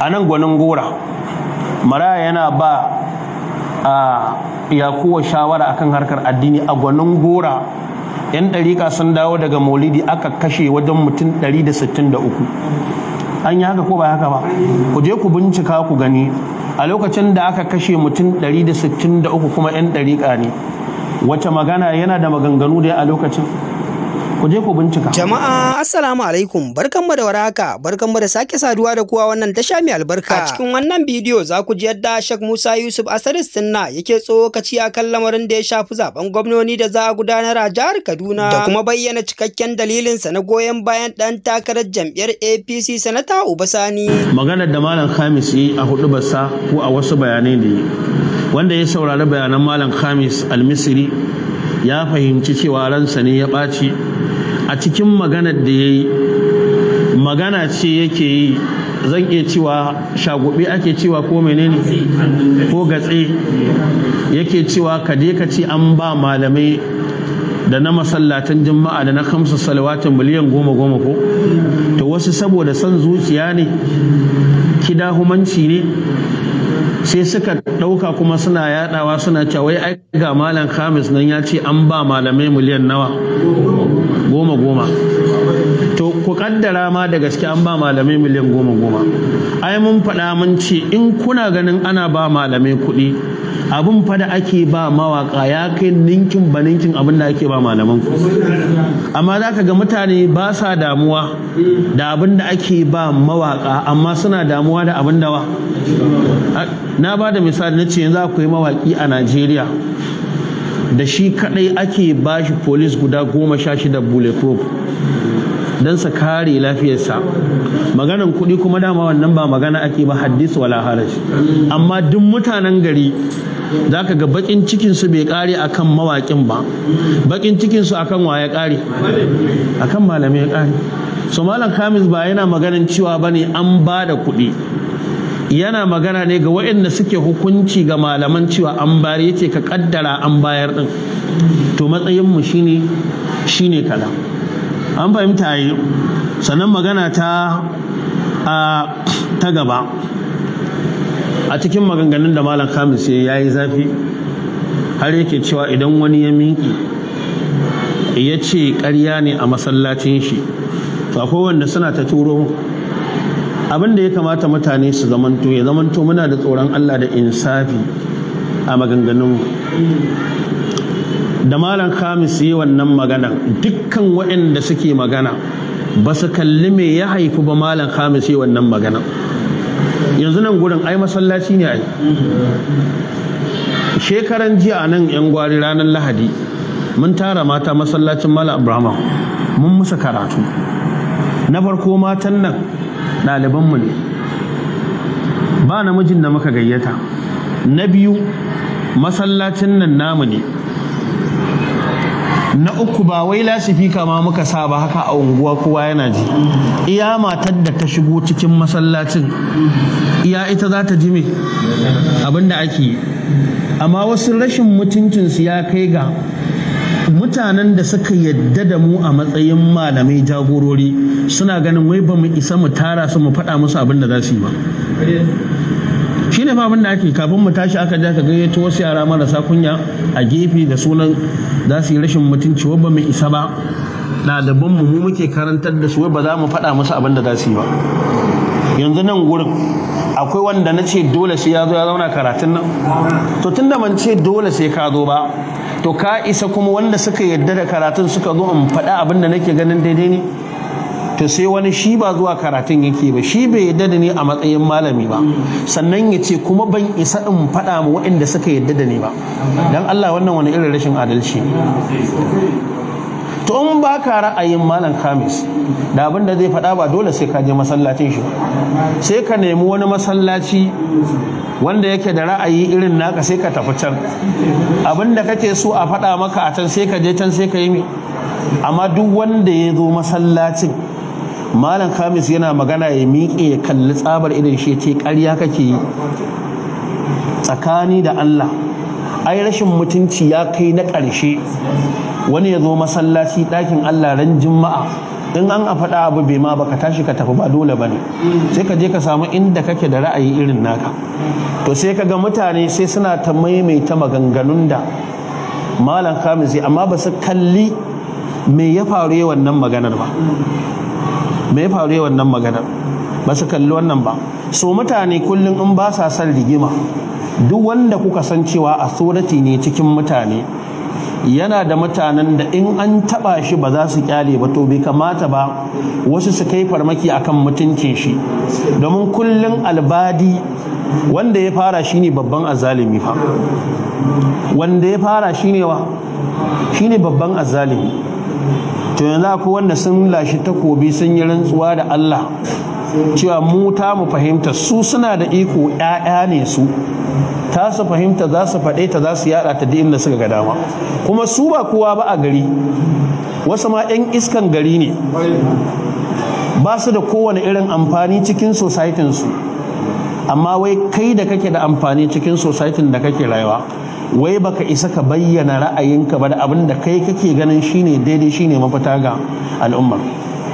a nan gwanin gora maraya yana ba a yakuwa shawara akan harkar addini a gwanin gora yan dariƙa sun dawo daga maulidi aka kashe wajen mutum 163 an yi haka ko ba haka ba ku je ku bincika ku gani a lokacin da aka kashe mutum 163 kuma yan dariƙa ne wace magana yana da maganganu da a lokacin ku je ku bincika jama'a assalamu alaikum barkanmu da warhaka barkanmu da sake saduwa da kuwa wannan tasha mai albarka a cikin wannan bidiyo za ku ji yadda Sheikh Musa Yusuf Asaris Sinna yake tsokaci kan lamarin da ya shafi zaben gwamnoni da za a gudanar a jihar Kaduna da kuma bayyana cikakken dalilinsa na goyon bayan dan takarar jam'iyyar APC sanata Sani. maganar da malam Khamis yi a hudu basa ko a wasu bayanai da yi wanda ya saurari bayanan malam Khamis Almisiri ya fahimci cewa ransa ne ya ɓaci a cikin magana da ya yi magana ce yake yi zan iya cewa shagobe ake cewa ko menene ko gatse yake cewa ka je ka ce an ba malamai da na masallatan juma'a da na kamsa salawatin miliyan goma goma ko to wasu saboda son zuciya ne kidahumanci ne sai suka ɗauka kuma suna yadawa suna cewa wai ai ga malam khamis nan ya ce an ba malamai miliyan nawa goma goma to ku kaddara ma da gaske an ba malamai miliyan goma goma ai mun faɗa mun ce in kuna ganin ana ba malamai kuɗi abin fa da ake ba mawaka ya kai ninkin ba ninkin abin da ake ba malaman ku amma za ka ga mutane ba sa damuwa da abin da ake ba mawaka amma suna damuwa da abin da wa na ba da misali na ce yanzu akwai mawaki a najeriya da shi kadai ake bashi police guda goma sha shida bulletproof don sa kare lafiyarsa maganan kuɗi kuma dama wannan ba magana ake ba haddis wala haraj amma duk mutanen gari za ka ga bakin cikinsu bai kare akan mawaƙin ba bakin cikinsu akan wa ya kare akan malami ya kare so malam kamis ba yana maganan cewa ba ne an ba da kuɗi yana magana ne ga wa'inda suke hukunci ga malaman cewa an bayar yace ka kaddara an bayar din to matsayinmu shine shine kaza an fahimta yi sannan magana ta ta gaba a cikin maganganun da malam kamis ya yi zafi har yake cewa idan wani ya minki ya ce karya ne a masallacin shi to akwai wanda suna ta turo abin ya kamata mutane su zamanto ya zamanto muna da tsoron Allah da insafi a maganganun da malam khamis yi wannan magana dukkan waɗanda suke magana ba su kalli me ya haifi ba malam khamis yi wannan magana yanzu nan gurin ai masallaci ne ai shekaran jiya a nan yan gwari ranar lahadi mun tara mata masallacin malam abraham mun musu karatu na farko matan nan ɗalibanmu ne ba namijin da muka gayyata na biyu masallacin nan namu ne na uku ba wai lasifi kama muka sa ba haka a unguwa kowa yana ji iya matar da ta shigo cikin masallacin iya ita za ta ji me abin da ake yi amma wasu rashin mutuncinsu ya kai ga mutanen da suka yadda da mu a matsayin malamai jagorori suna ganin wai ba mu isa mu tara su mu faɗa musu abin da za su yi ba shi ne babin da ake kafin mu tashi aka ja ka gayyato wasu yara marasa kunya a gefe da sunan za su yi rashin mutunci wabba mai isa ba na daban mu muke karantar da su ba za mu faɗa musu abin da za su yi ba yanzu nan gurin akwai wanda na ce dole sai ya zo ya zauna karatun nan to tunda man ce dole sai ka zo ba to ka isa kuma wanda suka yarda da karatun suka zo in faɗa abin da nake ganin daidai ne to sai wani shi ba zuwa karatun yake ba shi bai yadda da ni a matsayin malami ba sannan ya ce kuma ban isa in faɗa ma waɗanda suka yadda da ni ba don Allah wannan wani irin rashin adalci to in ba ka ra'ayin malam kamis da abin da zai faɗa ba dole sai ka je masallacin shi sai ka nemi wani masallaci wanda yake da ra'ayi irin naka sai ka tafi can abin da kake so a faɗa maka a can sai ka je can sai ka yi mi amma duk wanda ya zo masallacin malam Kamis yana magana ya miƙe ya kalli tsabar irin shi ce ƙarya kake yi tsakani da allah ai rashin mutunci ya kai na ƙarshe wani ya zo masallaci ɗakin allah ran juma'a in an a faɗa abu bai ma baka tashi ka tafi ba dole bane sai ka je ka samu inda kake da ra'ayi irin naka to sai ka ga mutane sai suna ta maimaita maganganun da malam Kamis, amma ba su kalli me ya faru wannan maganar ba me ya faru wannan maganar ba su kalli wannan ba so mutane kullum in ba sa son rigima duk wanda kuka san cewa a surati ne cikin mutane yana da mutanen da in an taba shi ba za su kyale ba to bai kamata ba wasu su kai farmaki akan mutuncin shi domin kullum albadi wanda ya fara shi ne babban azalimi fa wanda ya fara shi ne wa shi ne babban azalimi to yanzu akwai wanda sun lashe takobi sun yi rantsuwa da Allah cewa mu ta mu fahimta su suna da iko ƴaƴa ne su ta su fahimta za su faɗe ta za su yaɗa ta inda suka ga dama kuma su ba kowa ba a gari wasu ma 'yan iskan gari ne ba su da kowane irin amfani cikin su amma wai kai da kake da amfani cikin societin da kake rayuwa wai baka isa ka bayyana ra'ayinka ba da abin da kai kake ganin shine daidai shine mafita ga al'umma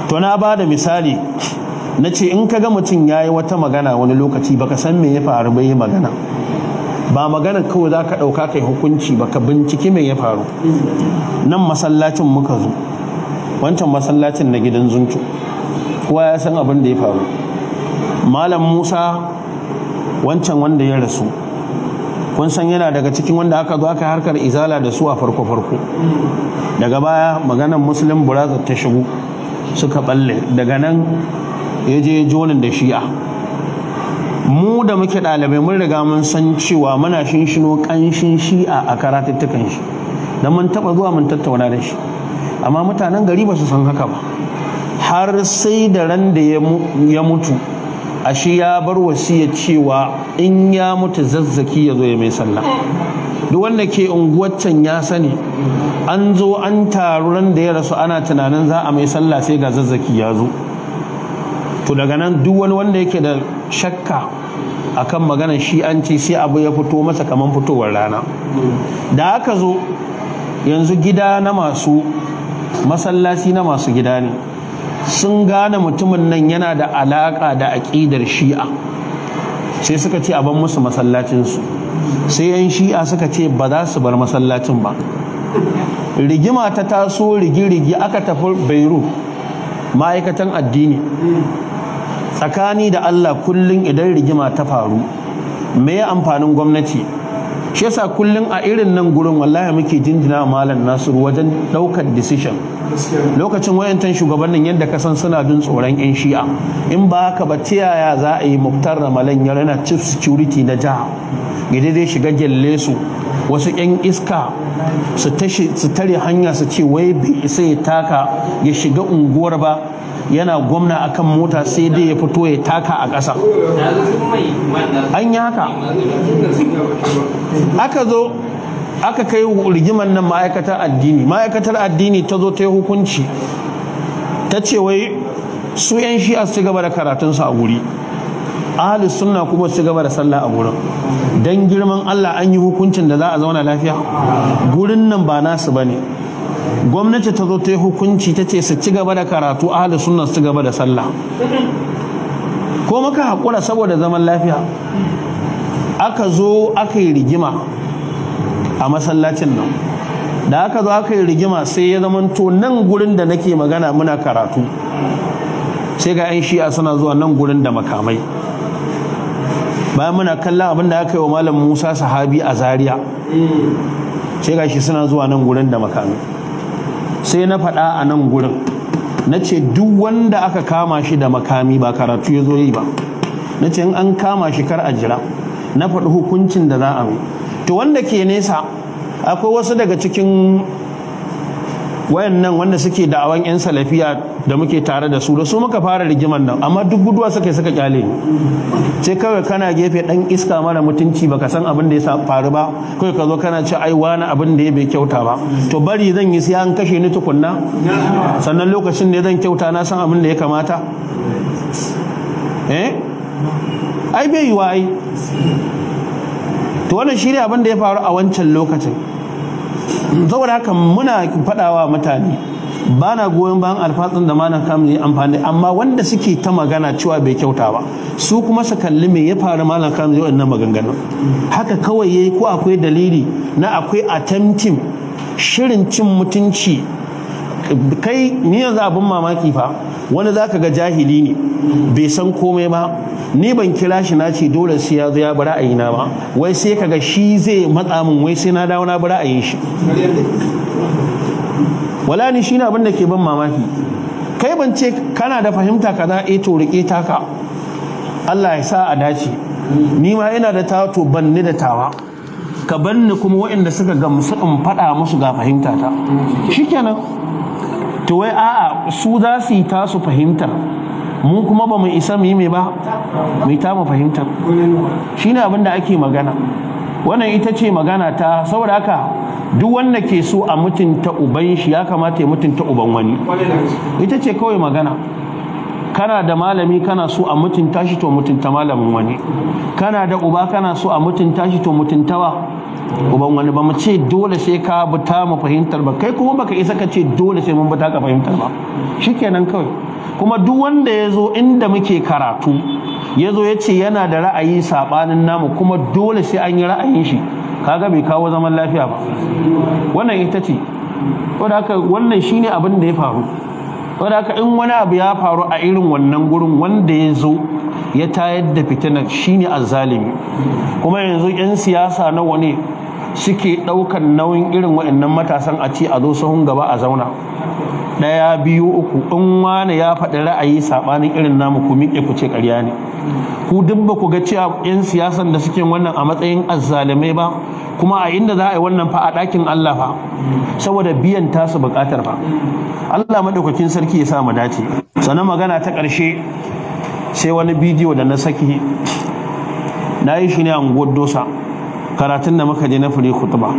to na ba da misali na ce in ka ga mutum ya yi wata magana wani lokaci baka san me ya faru ba yi magana ba magana kawai za ka ɗauka kai hukunci ba ka binciki me ya faru nan masallacin muka zo wancan masallacin na gidan zuncu kowa ya san abin da ya faru malam musa wancan wanda ya rasu kun san yana daga cikin wanda aka zo aka harkar izala da su a farko farko daga baya maganan muslim brother ta shigo suka balle daga nan ya je jonin da shi'a mu da muke ɗalibai mun riga mun san cewa muna shinshino ƙanshin shi'a a karatuttukan shi don mun taɓa zuwa mun tattauna da shi amma mutanen gari ba su san haka ba har sai da ran da ya mutu ashe ya bar wasiya cewa in ya mutu zazzaki ya zo ya mai sallah duk wanda ke unguwaccen ya sani an zo an taru ran da ya rasu ana tunanin za a mai sallah sai ga zazzaki ya zo to daga nan duk wani wanda yake da shakka akan an ci sai abu ya fito masa kamar fitowar rana da aka zo yanzu gida na masu masallaci na masu gida ne sun gane mutumin nan yana da alaƙa da aƙidar shi'a sai suka ce a ban musu masallacinsu sai 'yan shi'a suka ce ba za su bar masallacin ba rigima ta taso rigi-rigi aka tafi bairu ma'aikatan addini tsakani da allah kullum idan rigima ta faru me ya amfanin gwamnati shi yasa kullum a irin nan gurin wallahi muke jinjina malam nasiru wajen ɗaukar decision lokacin wayantan shugabannin yadda ka san suna jin tsoron yan shi'a in ba haka ba ta yaya za a yi muktar ramalan ya rana chief security na jiha gida zai shiga gelle su wasu yan iska su tare hanya su ce wai bai isa ya taka ya shiga unguwar ba yana gwamna akan mota sai dai ya fito ya taka a ƙasa an yi haka aka zo aka kai rigiman nan ma'aikatar addini ma'aikatar addini ta zo ta yi hukunci ta ce wai su 'yan shi'a su gaba da karatunsu a guri ahalus sunna kuma su gaba da sallah a gurin don girman allah an yi hukuncin da za a zauna lafiya gurin nan ba nasu ba ne gwamnati ta zo ta yi hukunci ta ce su ci gaba da karatu ahalus sunna su gaba da sallah ko maka haƙura saboda zaman lafiya aka zo aka yi rigima a masallacin nan da aka zo aka yi rigima sai ya zama to nan gurin da nake magana muna karatu sai ga 'yan shi'a suna zuwa nan gurin da makamai bayan muna kallon abin da aka yi wa malam musa sahabi a zaria sai ga shi suna zuwa nan gurin da makamai sai na faɗa a nan gurin na ce duk wanda aka kama shi da makami ba karatu ya zo yi ba na ce in an kama shi kar a jira na faɗi hukuncin da za a yi. to wanda ke nesa akwai wasu daga cikin wayannan wanda suke da'awan 'yan salafiya da muke tare da su da su muka fara rigiman nan amma duk guduwa suka suka kyale sai kawai kana gefe dan iska mara mutunci baka san abin da ya faru ba kai ka zo kana ce ai wani abin da ya bai kyauta ba to bari zan yi sai kashe ni tukunna sannan lokacin ne zan kyauta na san abin da ya kamata eh ai bai yi wa to wannan shi ne abin da ya faru a wancan lokacin saboda haka muna faɗawa mutane ba na goyon bayan alfatsin da mana kam yi amfani amma wanda suke ta magana cewa bai kyauta ba su kuma su kalli me ya faru malam kam yi wannan maganganun haka kawai yayi ko akwai dalili na akwai attempting shirin cin mutunci kai ni yanzu abin mamaki fa wani za ka ga jahili ne bai san komai ba ni ban kira shi na ce dole sai ya zo ya bi ra'ayina ba wai sai ka ga shi zai matsa min wai sai na dawo na bi ra'ayin shi wala ni ne abin da ke ban mamaki kai ban ce kana da fahimta kaza a eh to rike ta ka Allah ya sa a dace ni ma ina da ta to ban ni da tawa ka banni kuma waɗanda suka gamsu in faɗa musu ga fahimta ta shikenan to wai a'a su za su yi tasu fahimtar mu kuma ba mu isa mu yi mai ba mu yi mu fahimtar shine abin da ake magana wannan ita ce magana ta saboda haka duk wanda ke so a mutunta uban shi ya kamata ya mutunta uban wani ita ce kawai magana kana da malami kana so a mutunta shi to mutunta malamin wani kana da uba kana so a mutunta shi to mutuntawa uban wani ba mu ce dole sai ka buta mu fahimtar ba kai kuma baka isa ka ce dole sai mun buta ka fahimtar ba shikenan kawai kuma duk wanda ya zo inda muke karatu ya zo ya ce yana da ra'ayi saɓanin namu kuma dole sai an yi ra'ayin shi kaga bai kawo zaman lafiya ba wannan ita ce da haka wannan shine abin da ya faru wadda in wani abu ya faru a irin wannan gurin wanda ya zo ya tayar da fitinar shine azzalimi kuma yanzu 'yan siyasa nawa ne suke ɗaukan nauyin irin waɗannan matasan a ce a zo sahun gaba a zauna daya biyu uku in wani ya faɗi ra'ayi saɓanin irin namu ku miƙe ku ce ƙarya ne ku duk ba ku ga cewa 'yan siyasan da suke wannan a matsayin azzalimai ba kuma a inda za a yi wannan fa a ɗakin Allah fa saboda biyan tasu buƙatar fa Allah maɗaukakin sarki ya sa mu dace sannan magana ta ƙarshe sai wani bidiyo da na saki na yi shi ne a dosa karatun da muka je na fure kutuba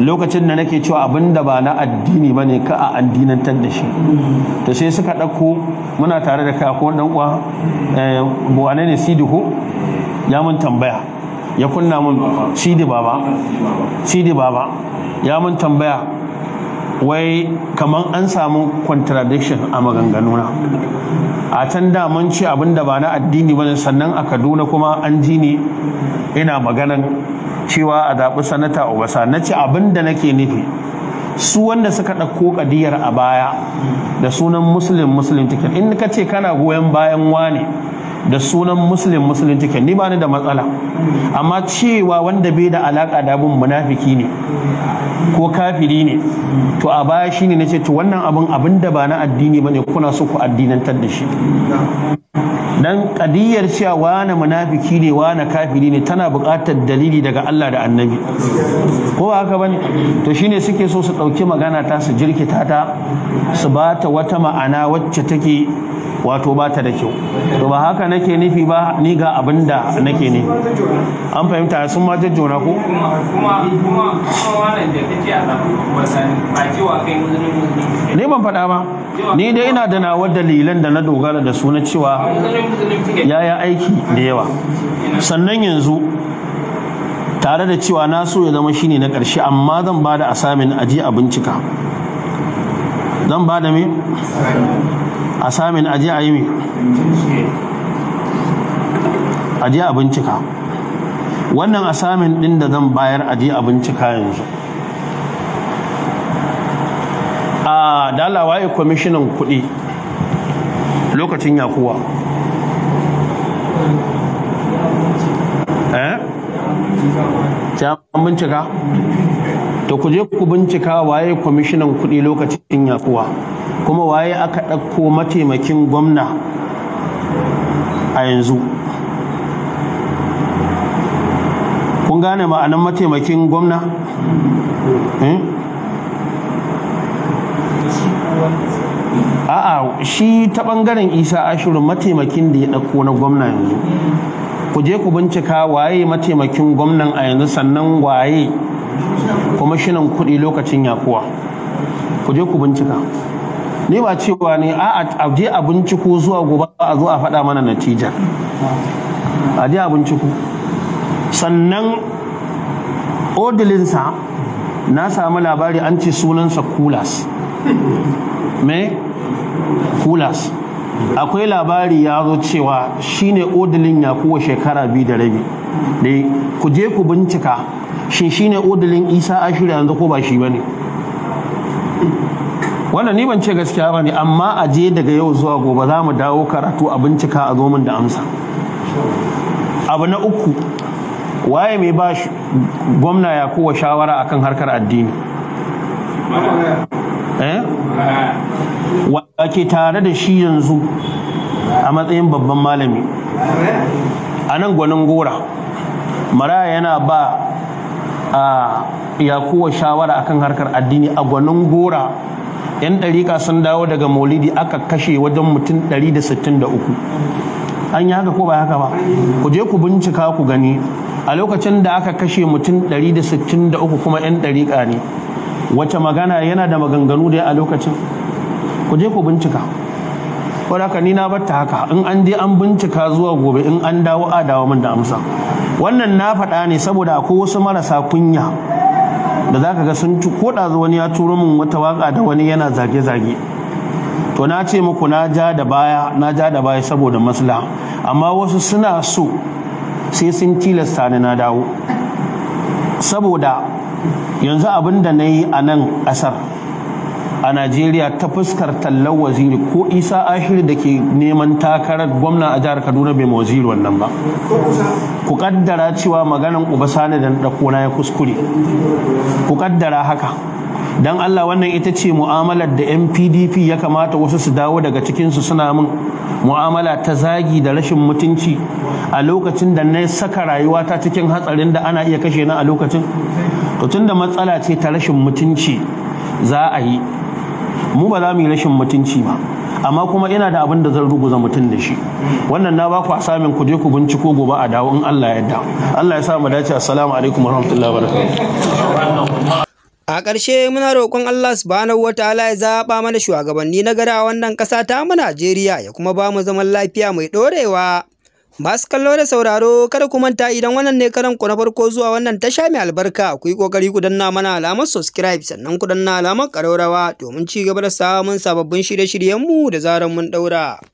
lokacin da nake cewa abin da ba na addini ba ne ka a addinantar da shi to sai suka ɗauko muna tare da kai ko ɗan uwa buwane eh, ne sidi ko ya mun tambaya ya kunna mun sidi baba sidi baba ya mun tambaya wai kamar an samu contradiction a maganganuna a can da mun ce abin da ba na addini ba sannan a kaduna kuma an ji ina maganan cewa a zaɓi sanata obasa na ce abin da nake nufi su wanda suka ɗauko ƙadiyar a baya da sunan musulun musulun ticket in ka ce kana goyon bayan wane da sunan muslim muslim take ni ba ni da matsala amma cewa wanda bai da alaka da abun munafiki ne ko kafiri ne to a baya shine nace to wannan abun abin da ba na addini bane kuna so ku addinantar da shi dan kadiyar cewa wani munafiki ne wani kafiri ne tana buƙatar dalili daga Allah da annabi ko haka bane to shine suke so su ɗauki magana ta su jirkita ta su bata wata ma'ana wacce take wato ba ta da kyau to ba haka nake nufi ba ni ga abin da nake ne an fahimta sun ma jajjona ko ne ban faɗa ba ni dai ina da nawar dalilan da na dogara da su na cewa ya aiki da yawa sannan yanzu tare da cewa na so ya zama shine na ƙarshe amma zan ba da asamin aji a bincika zan ba da me a samin aje a yi me aje a bincika wannan asamin din da zan bayar aje a bincika yanzu a dalawaye kwamishinan kuɗi lokacin yakuwa eh? bincika to ku je ku bincika waye kwamishinan kuɗi lokacin yakuwa kuma waye aka ɗauko mataimakin gwamna a yanzu kun gane ma'anan mataimakin gwamna eh? a'a shi ta ɓangaren isa ashiru mataimakin da ya ɗauko na gwamna yanzu ku je ku bincika waye mataimakin gwamnan a yanzu sannan waye kwamishinan kuɗi lokacin yakuwa ku je ku bincika ne ba cewa ne a je a binciko zuwa gobe a zo a faɗa mana natija a je a binciko sannan odilinsa na samu labari an ce sunansa kulas me kulas akwai labari ya zo cewa shine odilin ya kuwa shekara biyu da rabi ku je ku bincika shin shine odalin isa ashir yanzu ko ba shi ne. wannan ni ban ce gaskiya ba ne amma a je daga yau zuwa gobe za mu dawo karatu a bincika a zo da amsa abu na uku waye mai ba gwamna ya kowa shawara akan harkar addini eh ke tare da shi yanzu a matsayin babban malami a nan gwanin gora maraya yana ba ya kowa shawara akan harkar addini a gwanin gora yan ɗariƙa sun dawo daga maulidi aka kashe wajen mutum 163 an yi haka ko ba haka ba ku je ku bincika ku gani a lokacin da aka kashe mutum 163 kuma yan ɗariƙa ne wace magana yana da maganganu da a lokacin ku je ku bincika ko haka ni na batta haka in an je an bincika zuwa gobe in an dawo a dawo min da amsa wannan na faɗa ne saboda akwai wasu marasa kunya da za ka ga sun ci ko ɗazu wani ya turo min wata waka da wani yana zage-zage to na ce muku na ja da baya na ja da baya saboda masla amma wasu suna so sai sun tilasta ni na dawo saboda yanzu abin da na yi a nan ƙasar a najeriya ta fuskar tallar waziri ko isa Ahir da ke neman takarar gwamna a jihar kaduna bai ma waziri wannan ba ku kaddara cewa maganan uba sani da ɗakona ya kuskure ku kaddara haka dan allah wannan ita ce mu'amalar da MPDP ya kamata wasu su dawo daga cikinsu suna min mu'amala ta zagi da rashin mutunci a lokacin da na saka rayuwa ta cikin hatsarin da ana iya kashe ni a lokacin to tunda matsala ce ta rashin mutunci za a yi mu ba za mu yi rashin mutunci ba amma kuma ina da abin da zan ruguza mutum da shi wannan na baku asamin ku je ku binciko gobe a dawo in Allah ya yarda Allah ya sa mu dace assalamu alaikum warahmatullahi wabarakatuh A ƙarshe muna roƙon Allah subhanahu wataala ya zaɓa mana shugabanni na gara wannan ƙasa ta mu Najeriya ya kuma ba mu zaman lafiya mai ɗorewa. Masu kallo da sauraro kada ku manta idan wannan ne karan ku na farko zuwa wannan tasha mai albarka ku yi kokari ku danna mana alamar subscribe sannan ku danna alamar ƙararrawa domin ci gaba da samun sababbin shirye-shiryenmu da zarar mun ɗaura.